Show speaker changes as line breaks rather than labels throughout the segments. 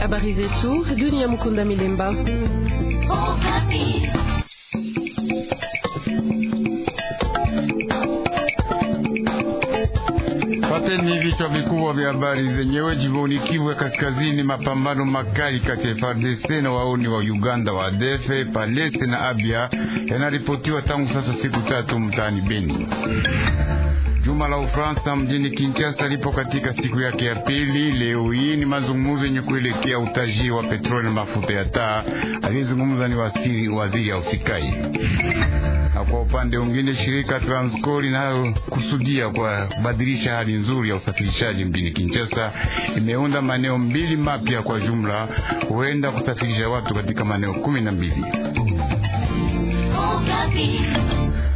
Habari zetu dunia. Mkunda Milemba. Pateni
vichwa vikubwa vya habari zenyewe. Jimboni Kivu ya Kaskazini, mapambano makali kati ya FARDC na waoni wa Uganda wa ADF Palese na abya yanaripotiwa tangu sasa siku tatu mtaani Beni. Juma la Ufaransa mjini Kinshasa lipo katika siku yake ya pili. Leo hii ni mazungumzo yenye kuelekea utajiri wa petroli na mafuta ya taa. Aliyezungumza ni wasiri waziri ya usikai. Na kwa upande mwingine, shirika Transco linalokusudia kwa kubadilisha hali nzuri ya usafirishaji mjini Kinshasa imeunda maeneo mbili mapya, kwa jumla huenda kusafirisha watu katika maeneo kumi na mbili. Oh,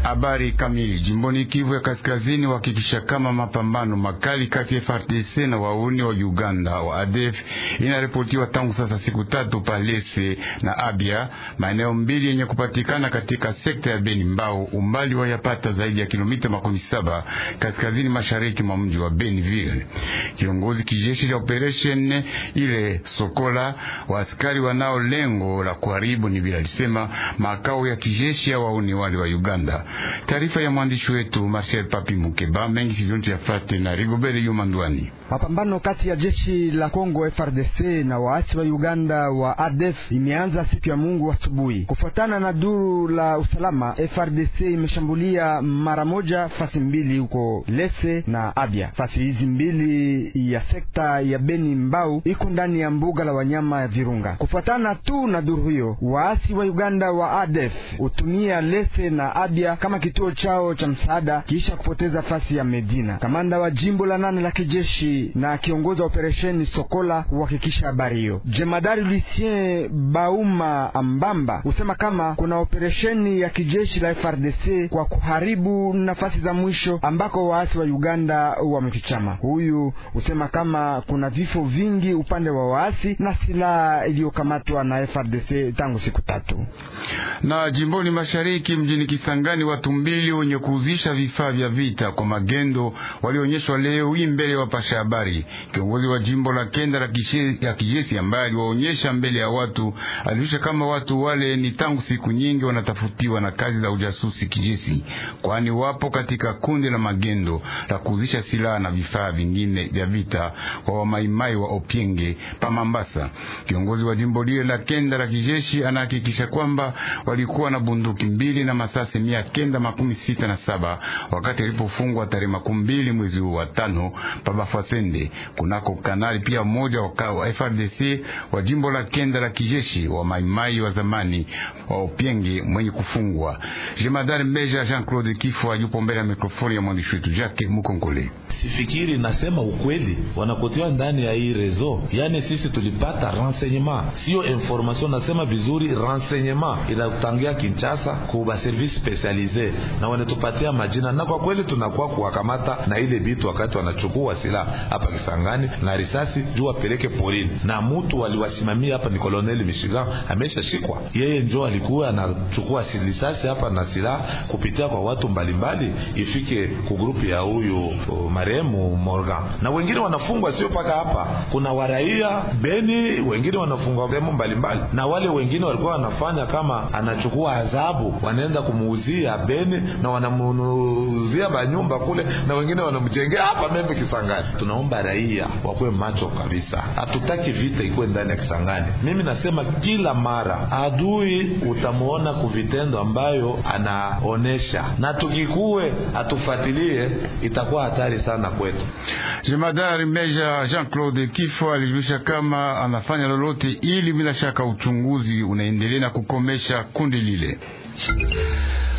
Habari kamili jimboni Kivu ya Kaskazini wahakikisha kama mapambano makali kati ya FARDC na wauni wa Uganda wa ADF inaripotiwa tangu sasa siku tatu Palese na Abia, maeneo mbili yenye kupatikana katika sekta ya Beni Mbau, umbali wa yapata zaidi ya kilomita makumi saba kaskazini mashariki mwa mji wa Benville. Kiongozi kijeshi cha operation ile Sokola, askari wanao lengo la kuharibu ni bila lisema makao ya kijeshi ya wauni wale wa Uganda Taarifa ya mwandishi wetu Marcel Papi Mukeba mengi sizontu ya fate na Rigobere yumandwani
Mapambano kati ya jeshi la Kongo FRDC na waasi wa Uganda wa ADF imeanza siku ya Mungu asubuhi. Kufuatana na duru la usalama, FRDC imeshambulia mara moja fasi mbili huko Lese na Abia. Fasi hizi mbili ya sekta ya Beni Mbau iko ndani ya mbuga la wanyama ya Virunga. Kufuatana tu na duru hiyo, waasi wa Uganda wa ADF hutumia Lese na Abia kama kituo chao cha msaada kisha kupoteza fasi ya Medina. Kamanda wa jimbo la nane la kijeshi na kiongozi wa operesheni Sokola huhakikisha habari hiyo. Jemadari Lucien Bauma Ambamba husema kama kuna operesheni ya kijeshi la frdc kwa kuharibu nafasi za mwisho ambako waasi wa Uganda wamefichama. Huyu husema kama kuna vifo vingi upande wa waasi na silaha iliyokamatwa na FRDC tangu siku tatu.
Na jimboni mashariki mjini Kisangani wa watumbili wenye kuuzisha vifaa vya vita kwa magendo walionyeshwa leo hii mbele wapasha habari. Kiongozi wa jimbo la kenda la kijeshi ambaye aliwaonyesha mbele ya watu alivisha kama watu wale ni tangu siku nyingi wanatafutiwa na kazi za ujasusi kijeshi, kwani wapo katika kundi la magendo la kuuzisha silaha na vifaa vingine vya vita kwa wamaimai wa Opienge pa Mambasa. Kiongozi wa jimbo lile la kenda la kijeshi anahakikisha kwamba walikuwa na bunduki mbili na masasi mia kenda kenda makumi sita na saba wakati alipofungwa tarehe makumi mbili mwezi huu wa tano Baba Fasende kunako kanali pia mmoja wa FRDC wa jimbo la kenda la kijeshi wa maimai wa zamani wa Opienge mwenye kufungwa. Jemadari Meja Jean Claude Kifwa yupo mbele ya mikrofoni ya mwandishi wetu Jacques Mukongole. Sifikiri nasema ukweli, wanakotiwa ndani ya hii rezo, yani sisi tulipata renseignement, sio information, nasema vizuri renseignement inatangia Kinshasa ku ba service specialist mzee na wanatupatia majina, na kwa kweli tunakuwa kuwakamata na ile bitu wakati wanachukua silaha hapa Kisangani na risasi juu wapeleke porini, na mutu waliwasimamia hapa ni Koloneli michigan ameshashikwa, yeye njo alikuwa anachukua risasi hapa na silaha kupitia kwa watu mbalimbali, ifike kugrupu ya huyu marehemu Morgan, na wengine wanafungwa sio paka hapa, kuna waraia Beni wengine wanafungwa sehemu mbalimbali, na wale wengine walikuwa wanafanya kama anachukua adhabu, wanaenda kumuuzia Beni na wanamnuzia manyumba kule na wengine wanamjengea hapa Membe Kisangani. Tunaomba raia wakuwe macho kabisa, hatutaki vita ikuwe ndani ya Kisangani. Mimi nasema kila mara adui utamwona kuvitendo ambayo anaonesha, na tukikuwe atufuatilie itakuwa hatari sana kwetu. Jemadari Meja Jean Claude Kifo alijulisha kama anafanya lolote ili bila shaka uchunguzi unaendelea na kukomesha kundi lile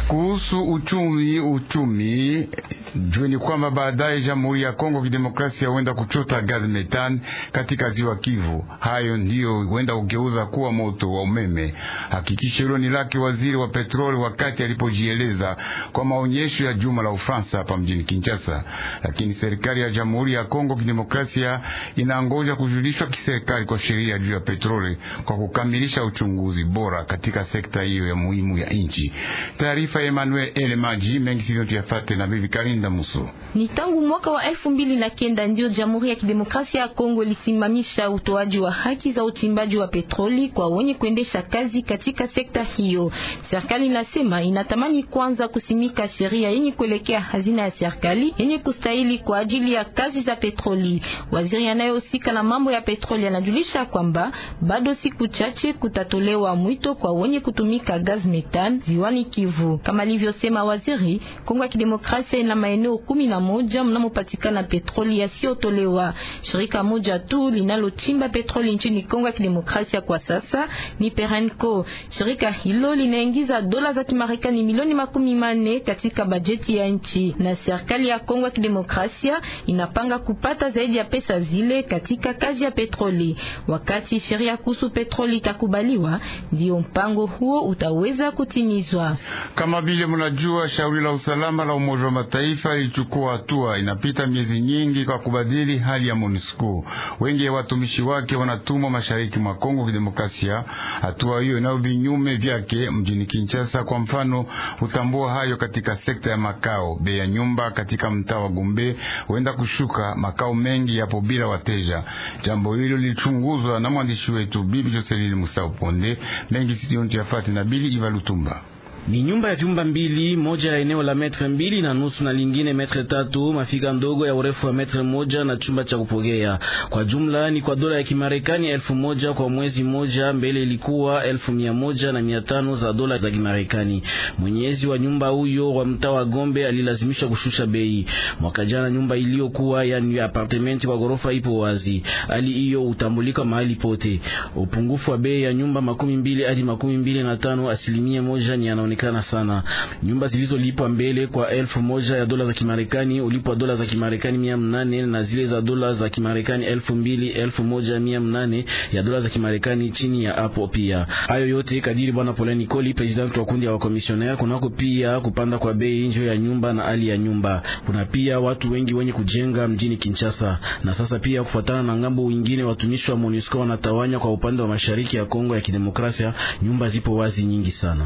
kuhusu uchumi uchumi Jueni kwamba baadaye Jamhuri ya Kongo Kidemokrasia huenda kuchota gazi metani katika ziwa Kivu. Hayo ndiyo huenda kugeuza kuwa moto wa umeme. Hakikisho hilo ni lake waziri wa petroli wakati alipojieleza kwa maonyesho ya juma la Ufaransa hapa mjini Kinshasa. Lakini serikali ya Jamhuri ya Kongo Kidemokrasia inangoja kujulishwa kiserikali kwa sheria juu ya petroli kwa kukamilisha uchunguzi bora katika sekta hiyo ya muhimu ya nchi. Taarifa ya Emmanuel Elemaji mengi sivyo tuyafate na bibi Karinda na nusu.
Ni tangu mwaka wa elfu mbili na kenda ndio Jamhuri ya Kidemokrasia ya Kongo ilisimamisha utoaji wa haki za uchimbaji wa petroli kwa wenye kuendesha kazi katika sekta hiyo. Serikali inasema inatamani kwanza kusimika sheria yenye kuelekea hazina ya serikali yenye kustahili kwa ajili ya kazi za petroli. Waziri anayehusika na mambo ya petroli anajulisha kwamba bado siku chache kutatolewa mwito kwa wenye kutumika gaz metan ziwani Kivu, kama alivyosema waziri Kongo ya Kidemokrasia ina maeneo kumi na moja mnamopatikana petroli yasiyotolewa. Shirika moja tu linalochimba petroli nchini Kongo ya Kidemokrasia kwa sasa ni Perenco. Shirika hilo linaingiza dola za Kimarekani milioni makumi manne katika bajeti ya nchi, na serikali ya Kongo ya Kidemokrasia inapanga kupata zaidi ya pesa zile katika kazi ya petroli. Wakati sheria kuhusu petroli itakubaliwa, ndio mpango huo utaweza kutimizwa.
Kama vile mnajua, shauri la usalama la Umoja wa Mataifa taifa ilichukua hatua inapita miezi nyingi kwa kubadili hali ya MONUSCO. Wengi ya watumishi wake wanatumwa mashariki mwa Kongo Kidemokrasia. Hatua hiyo inayo vinyume vyake mjini Kinshasa. Kwa mfano, utambua hayo katika sekta ya makao, bei ya nyumba katika mtaa wa Gombe huenda kushuka, makao mengi yapo bila wateja. Jambo hilo lilichunguzwa na mwandishi wetu Bibi Joseline Musauponde mengi sijonjafati na Bili Ivalutumba
ni nyumba ya vyumba mbili, moja ya eneo la metre mbili na nusu na lingine metre tatu, mafika ndogo ya urefu wa metre moja na chumba cha kupogea. Kwa jumla ni kwa dola ya Kimarekani elfu moja kwa mwezi moja, mbele ilikuwa elfu mia moja na mia tano za dola za Kimarekani. Mwenyezi wa nyumba huyo wa mtaa wa Gombe alilazimisha kushusha bei. Mwaka jana nyumba iliyokuwa yani apartment kwa gorofa ipo wazi, hali hiyo utambulika mahali pote. Upungufu wa bei ya nyumba makumi mbili hadi makumi mbili na tano asilimia moja ni anaonekana zinajulikana sana. Nyumba zilizolipwa mbele kwa elfu moja ya dola za Kimarekani ulipwa dola za Kimarekani mia mnane na zile za dola za Kimarekani elfu mbili elfu moja mia mnane ya dola za Kimarekani chini ya hapo pia. Hayo yote kadiri bwana Pole Nikoli, president wa kundi ya wakomisionea, kunako pia kupanda kwa bei njo ya nyumba na hali ya nyumba. Kuna pia watu wengi wenye kujenga mjini Kinshasa, na sasa pia kufuatana na ngambo wingine watumishi wa MONUSCO wanatawanya kwa upande wa mashariki ya Kongo ya Kidemokrasia. Nyumba zipo wazi nyingi sana.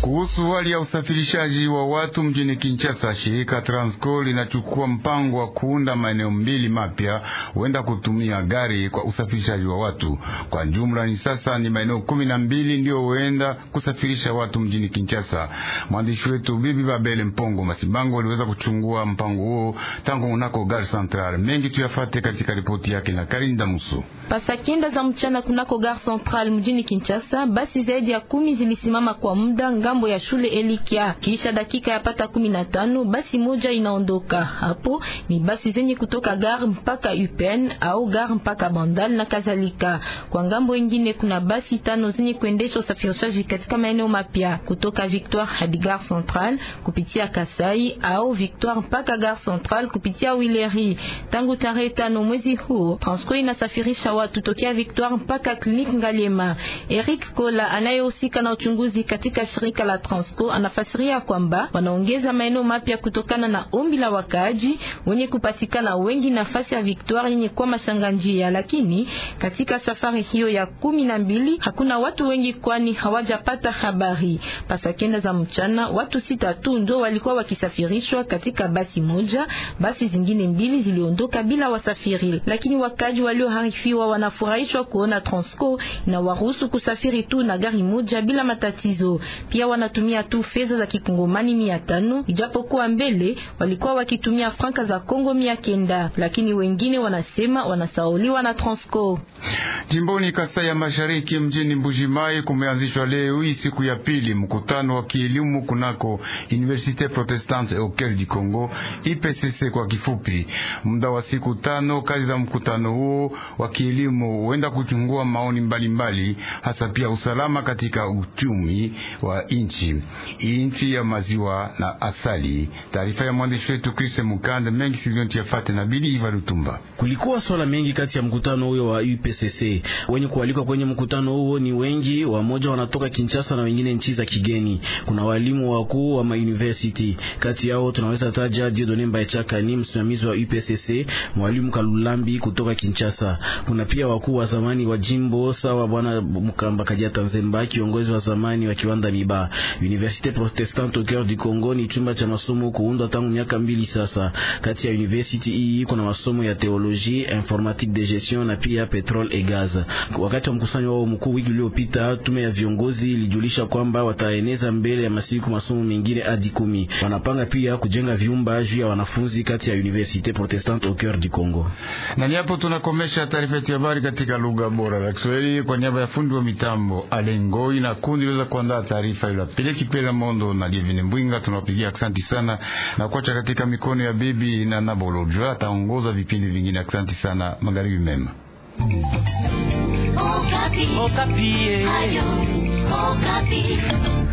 Kuhusu hali ya usafirishaji wa watu mjini Kinshasa, shirika Transco linachukua mpango wa kuunda maeneo mbili mapya huenda kutumia gari kwa usafirishaji wa watu. Kwa jumla ni sasa ni maeneo kumi na mbili ndiyo huenda kusafirisha watu mjini Kinshasa. Mwandishi wetu Bibi Babele Mpongo masimbango aliweza kuchungua mpango huo tangu unako Gare Central. Mengi tuyafate katika ripoti yake na Karinda Musu.
Pasakinda za mchana kunako Gare Central mjini Kinshasa, basi zaidi ya kumi zilisimama kwa muda ngambo ya shule Elikia. Kisha dakika ya pata kumi na tano basi moja inaondoka. Hapo ni basi zenye kutoka gare mpaka UPN au gare mpaka Bandal na kadhalika. Kwa ngambo nyingine kuna basi tano zenye kuendesha usafirishaji katika maeneo mapya kutoka Victoire hadi gare Central kupitia Kasai au Victoire mpaka gare Central kupitia Wileri. Tangu tarehe tano mwezi huu Transco inasafirisha watu tokea Victoire mpaka kliniki Ngaliema. Eric Kola anayehusika na uchunguzi katika shirika shirika la Transco anafasiria kwamba wanaongeza maeneo mapya kutokana na ombi la wakaaji wenye kupatikana wengi nafasi ya Victoire yenye kwa mashanga njia, lakini katika safari hiyo ya kumi na mbili hakuna watu wengi, kwani hawajapata habari. Pasakenda za mchana watu sita tu ndio walikuwa wakisafirishwa katika basi moja, basi zingine mbili ziliondoka bila wasafiri, lakini wakaaji walioharifiwa wanafurahishwa kuona Transco na waruhusu kusafiri tu na gari moja bila matatizo pia wanatumia tu fedha za kikongomani mia tano ijapokuwa mbele walikuwa wakitumia franka za Kongo mia kenda, lakini wengine wanasema wanasauliwa na Transco.
Jimboni Kasai ya Mashariki, mjini Mbujimai, kumeanzishwa leo hii siku ya pili mkutano wa kielimu kunako Universite Protestante Okel di Congo, IPCC kwa kifupi. Muda wa siku tano, kazi za mkutano huo wa kielimu huenda kuchungua maoni mbalimbali mbali, hasa pia usalama katika uchumi wa inchi inchi ya maziwa na asali. Taarifa ya mwandishi wetu Krise Mukanda mengi siliotiafate na Bili Iva Lutumba.
Kulikuwa swala mengi kati ya mkutano huyo wa UPCC. Wenye kualikwa kwenye mkutano huo ni wengi, wamoja wanatoka Kinshasa na wengine nchi za kigeni. Kuna walimu wakuu wa mauniversity, kati yao tunaweza taja Dieudonne Mbaichaka ni msimamizi wa UPCC, mwalimu Kalulambi kutoka Kinshasa. Kuna pia wakuu wa zamani wa jimbo sawa bwana Mkamba Kadia Tanzemba, kiongozi wa zamani wa kiwanda Miba Université protestante au cœur du congo ni chumba cha masomo kuundwa tangu miaka mbili sasa. Kati ya university hii kuna masomo ya teolojia, informatique de gestion na pia petrol et gaz. Wakati wa mkusanyo wao mkuu wiki iliyopita, tume ya viongozi ilijulisha kwamba wataeneza mbele ya masiku masomo mengine hadi kumi. Wanapanga pia kujenga vyumba juu ya wanafunzi kati ya Université protestante au cœur du congo
Na hapo tunakomesha taarifa yetu ya habari katika lugha bora ya Kiswahili kwa niaba ya fundi wa mitambo Alengoi na kundi liweza kuandaa taarifa Lela Peleki Pela Mondo na Lievine Mbwinga, tunawapigia asanti sana na kuacha katika mikono ya bibi na Nabolojo ataongoza vipindi vingine. Asanti sana, magharibi mema.
Okapi. Okapi. Eh.
Ayo, Okapi.